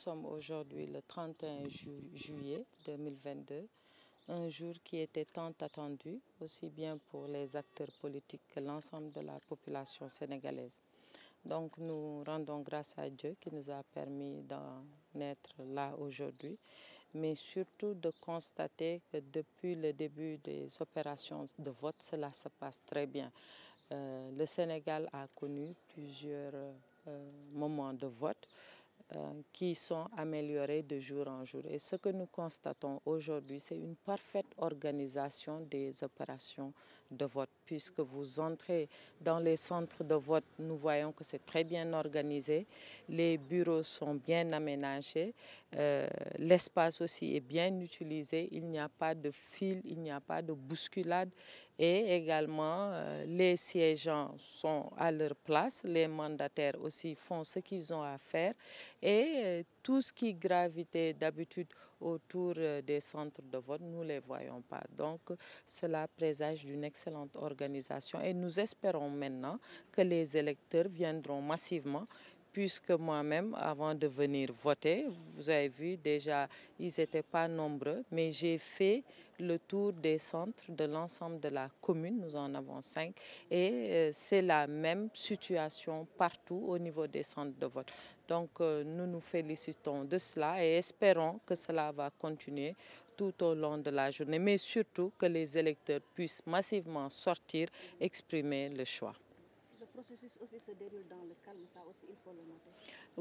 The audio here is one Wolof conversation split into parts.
sommes aujourd'hui le 31 ju juillet 2022, un jour qui était tant attendu, aussi bien pour les acteurs politiques que l'ensemble de la population sénégalaise. Donc nous rendons grâce à Dieu qui nous a permis d'en être là aujourd'hui, mais surtout de constater que depuis le début des opérations de vote, cela se passe très bien. Euh, le Sénégal a connu plusieurs euh, moments de vote. Euh, qui sont améliorées de jour en jour. Et ce que nous constatons aujourd'hui, c'est une parfaite organisation des opérations de vote. Puisque vous entrez dans les centres de vote, nous voyons que c'est très bien organisé, les bureaux sont bien aménagés, euh, l'espace aussi est bien utilisé, il n'y a pas de fil, il n'y a pas de bousculade et également euh, les siégeants sont à leur place, les mandataires aussi font ce qu'ils ont à faire Et euh, tout ce qui gravitait d'habitude autour euh, des centres de vote, nous ne les voyons pas. Donc cela présage d'une excellente organisation et nous espérons maintenant que les électeurs viendront massivement puisque moi-même, avant de venir voter, vous avez vu déjà, ils n'étaient pas nombreux, mais j'ai fait le tour des centres de l'ensemble de la commune, nous en avons cinq, et euh, c'est la même situation partout au niveau des centres de vote. Donc euh, nous nous félicitons de cela et espérons que cela va continuer tout au long de la journée, mais surtout que les électeurs puissent massivement sortir, exprimer le choix. processus aussi se le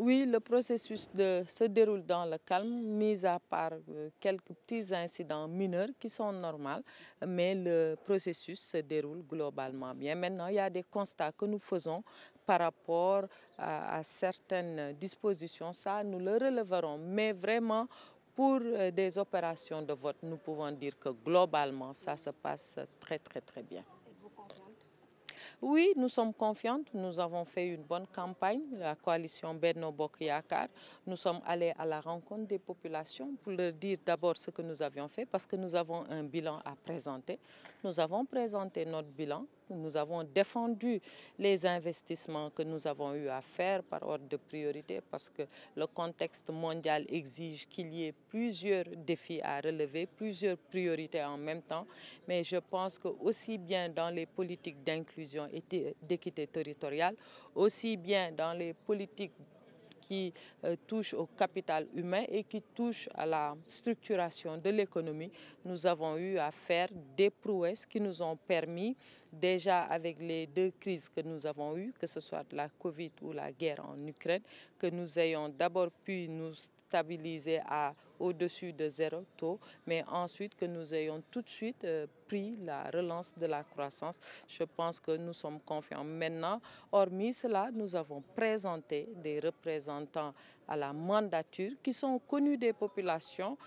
il processus de, se déroule dans le calme, mis à part euh, quelques petits incidents mineurs qui sont normaux, mais le processus se déroule globalement bien. Maintenant, il y a des constats que nous faisons par rapport à, à certaines dispositions, ça nous le releverons, mais vraiment pour euh, des opérations de vote, nous pouvons dire que globalement, ça se passe très très bien. Oui, nous sommes confiantes. Nous avons fait une bonne campagne, la coalition Benno Bokyakar. Nous sommes allés à la rencontre des populations pour leur dire d'abord ce que nous avions fait parce que nous avons un bilan à présenter. Nous avons présenté notre bilan nous avons défendu les investissements que nous avons eu à faire par ordre de priorité parce que le contexte mondial exige qu'il y ait plusieurs défis à relever, plusieurs priorités en même temps. Mais je pense que aussi bien dans les politiques d'inclusion et d'équité territoriale, aussi bien dans les politiques qui euh, touche au capital humain et qui touche à la structuration de l'économie. Nous avons eu à faire des prouesses qui nous ont permis déjà avec les deux crises que nous avons eues, que ce soit la Covid ou la guerre en Ukraine, que nous ayons d'abord pu nous stabiliser à au-dessus de zéro taux, mais ensuite que nous ayons tout de suite euh, pris la relance de la croissance. Je pense que nous sommes confiants maintenant. Hormis cela, nous avons présenté des représentants à la mandature qui sont connus des populations,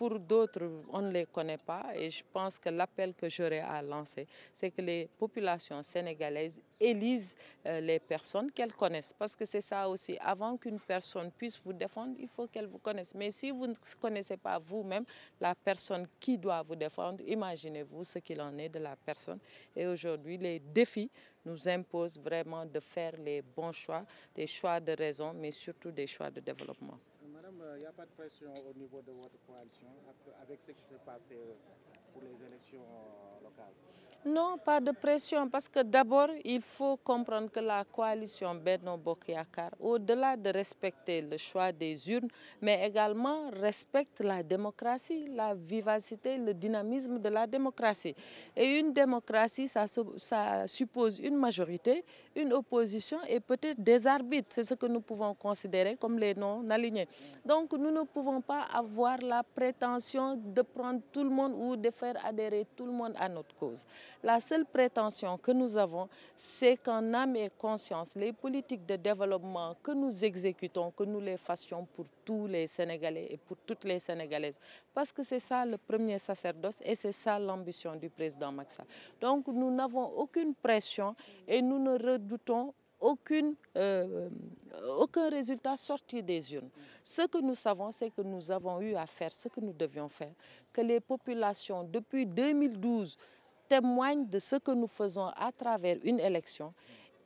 pour d'autres, on ne les connaît pas et je pense que l'appel que j'aurais à lancer, c'est que les populations sénégalaises élisent euh, les personnes qu'elles connaissent. Parce que c'est ça aussi, avant qu'une personne puisse vous défendre, il faut qu'elle vous connaisse. Mais si vous ne connaissez pas vous-même la personne qui doit vous défendre, imaginez-vous ce qu'il en est de la personne. Et aujourd'hui, les défis nous imposent vraiment de faire les bons choix, des choix de raison, mais surtout des choix de développement. il euh, n'y a pas de pression au niveau de votre coalition avec ce qui s'est passé pour les élections euh, locales Non, pas de pression, parce que d'abord, il faut comprendre que la coalition Benno Bokyakar, au-delà de respecter le choix des urnes, mais également respecte la démocratie, la vivacité, le dynamisme de la démocratie. Et une démocratie, ça, ça suppose une majorité, une opposition et peut-être des arbitres. C'est ce que nous pouvons considérer comme les non-alignés. Donc nous ne pouvons pas avoir la prétention de prendre tout le monde ou de faire adhérer tout le monde à notre cause. La seule prétention que nous avons, c'est qu'en âme et conscience, les politiques de développement que nous exécutons, que nous les fassions pour tous les Sénégalais et pour toutes les Sénégalaises. Parce que c'est ça le premier sacerdoce et c'est ça l'ambition du président Maxa. Donc nous n'avons aucune pression et nous ne redoutons euh, aucun résultat sorti des urnes. Ce que nous savons, c'est que nous avons eu à faire ce que nous devions faire, que les populations, témoigne de ce que nous faisons à travers une élection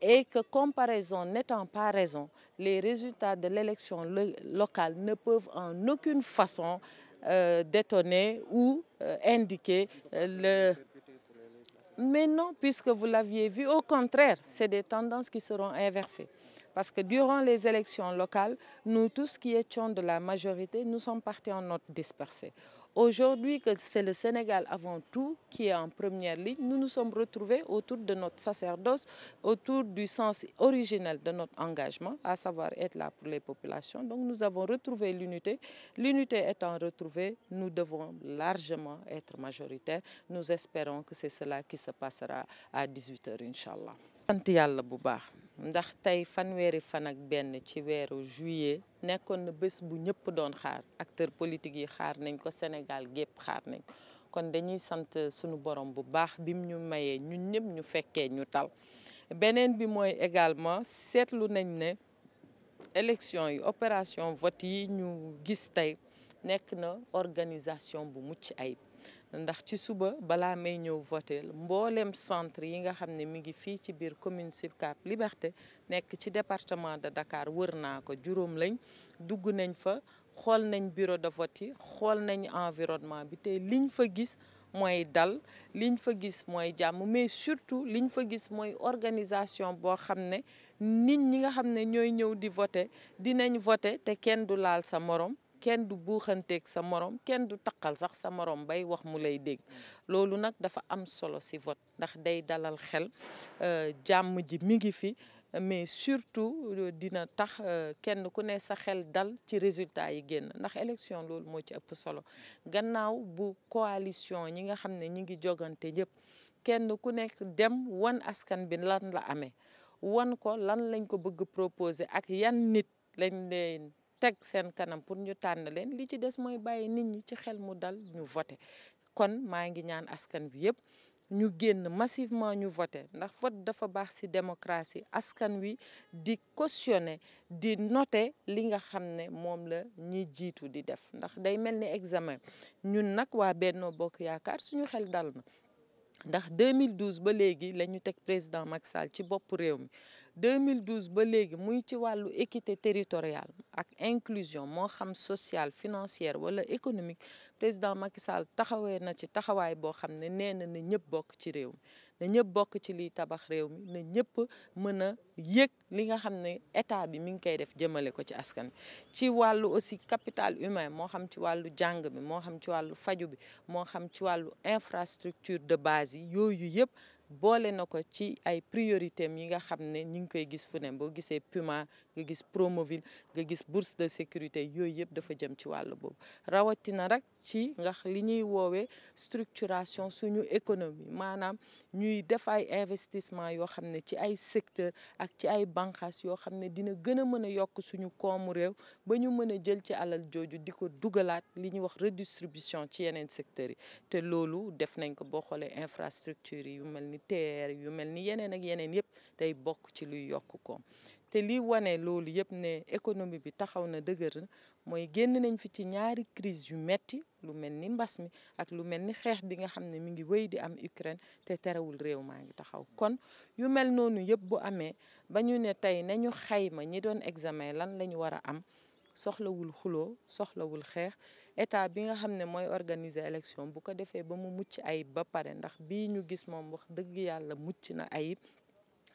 et que comparaison n'étant pas raison, les résultats de l'élection locale ne peuvent en aucune façon euh, détonner ou euh, indiquer euh, le... Mais non, puisque vous l'aviez vu, au contraire, c'est des tendances qui seront inversées. Parce que durant les élections locales, nous tous qui étions de la majorité, nous sommes partis en note dispersée. Aujourd'hui que c'est le Sénégal avant tout qui en première ligne, nous nous sommes retrouvés autour de notre sacerdoce, autour du sens originel de notre engagement, à savoir être là pour les populations. Donc nous avons retrouvé l'unité. L'unité étant retrouvée, nous devons largement être majoritaires. Nous espérons que c'est cela qui se passera à 18h, Inch'Allah. sant yàlla bu baax ndax tey fanweeri fan ak benn ci weeru juillet nekkoon na bés bu ñëpp doon xaar acteur politique yi xaar nañ ko Sénégal gépp xaar nañ ko kon dañuy sant sunu borom bu baax bim ñu mayee ñun ñëpp ñu fekkee ñu tal beneen bi mooy également seetlu nañ ne élection yi opération vote yi ñu gis tey nekk na organisation bu mucc ayib ndax ci suba balaa may ñëw votel mbooleem centre yi nga xam ne mi ngi fii ci biir commune Sicap Liberté nekk ci département de Dakar wër naa ko juróom lañ dugg nañ fa xool nañ bureau de vote yi xool nañ environnement bi te liñ fa gis mooy dal liñ fa gis mooy jàmm mais surtout liñ fa gis mooy organisation boo xam ne nit ñi nga xam ne ñooy ñëw di vote dinañ vote te kenn du laal sa morom kenn du buuxanteek sa moroom kenn du taqal sax sa moroom bay wax mu lay dégg loolu nag dafa am solo ci vote ndax day dalal xel euh, jàmm ji mi ngi fi mais surtout euh, dina tax euh, kenn ku ne sa xel dal ci résultat yi génn ndax élection loolu moo ci ëpp solo gannaaw bu coalition ñi nga xam ne ñi ngi jogante yëpp kenn ku nekk dem wan askan bi lan la amee wan ko lan lañ ko bëgg proposer ak yan nit lañ leen teg seen kanam pour ñu tànn leen li ci des mooy bàyyi nit ñi ci xel mu dal ñu voté kon maa ngi ñaan askan bi yëpp ñu génn massivement ñu vote ndax vote dafa baax ci démocratie askan wi di cautionné di noté li nga xam ne moom la ñiy jiitu di def ndax day mel ni examen ñun nag waa Benno Bokk Yaakaar suñu xel dal na ndax 2012 ba léegi la ñu teg président Macky Sall ci bopp réew mi 2012 ba léegi muy ci wàllu équité territoriale ak inclusion moo xam sociale financière wala économique président Macky Sall taxawee na ci taxawaay boo xam ne nee na na ñëpp bokk ci réew mi na ñëpp bokk ci liy tabax réew mi na ñëpp mën a yëg li nga xam ne état bi mi ngi koy def jëmale ko ci askan ci wàllu aussi capital humain moo xam ci wàllu jàng bi moo xam ci wàllu faju bi moo xam ci wàllu infrastructure de base yi yooyu yëpp boole na ko ci ay priorité am yi nga xam ne ñu ngi koy gis fu ne boo gisee Puma nga gis Promoville nga gis bourse de sécurité yooyu yëpp dafa jëm ci wàll boobu rawatina rek ci ndax li ñuy woowee structuration suñu économie maanaam ñuy def ay investissement yoo xam ne ci ay secteur ak ci ay banqaas yoo xam ne dina gën a mën a yokk suñu koomu réew ba ñu mën a jël ci alal jooju di ko dugalaat li ñuy wax redistribution ci yeneen secteurs yi te loolu def nañ ko boo xoolee infrastructure yi yu mel ni TER yu mel ni yeneen ak yeneen yëpp day bokk ci luy yokk koom te li wane loolu yëpp ne économie bi taxaw na dëgër na mooy génn nañ fi ci ñaari crise yu metti lu mel ni mbas mi ak lu mel ni xeex bi nga xam ne mi ngi wéy di am Ukraine te terewul réew maa ngi taxaw kon yu mel noonu yëpp bu amee ba ñu ne tey ne ñu xayma ñi doon examen lan lañu ñu war a am soxlawul xuloo soxlawul xeex état bi nga xam ne mooy organiser élection bu ko defee ba mu mucc ayib ba pare ndax bii ñu gis moom wax dëgg yàlla mucc na ayib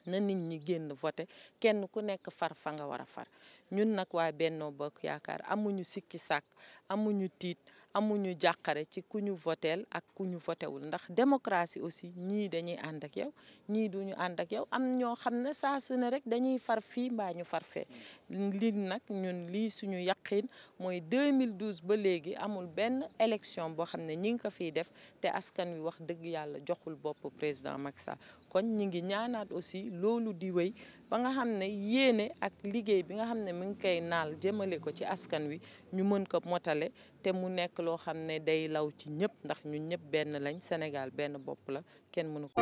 na nit ñi génn voté kenn ku nekk far fa nga war a far ñun nag waa Benno Bokk Yaakaar amuñu sikki sàkk amuñu tiit amuñu jàqare ci ku ñu voteel ak ku ñu votewul ndax démocratie aussi ñii dañuy ànd ak yow ñii duñu ànd ak yow am ñoo xam ne saa su ne rek dañuy far fii mbaa ñu far fee lii nag ñun lii suñu yaqin mooy 2012 ba léegi amul benn élection boo xam ne ñi ngi ko fiy def te askan wi wax dëgg yàlla joxul bopp président Macky Sall kon ñi ngi ñaanaat aussi loolu di wéy ba nga xam ne yéene ak liggéey bi nga xam ne mi ngi koy naal jëmale ko ci askan wi ñu mën ko motale te nekk loo xam ne day law ci ñëpp ndax ñun ñëpp benn lañ Sénégal benn bopp la kenn mënu ko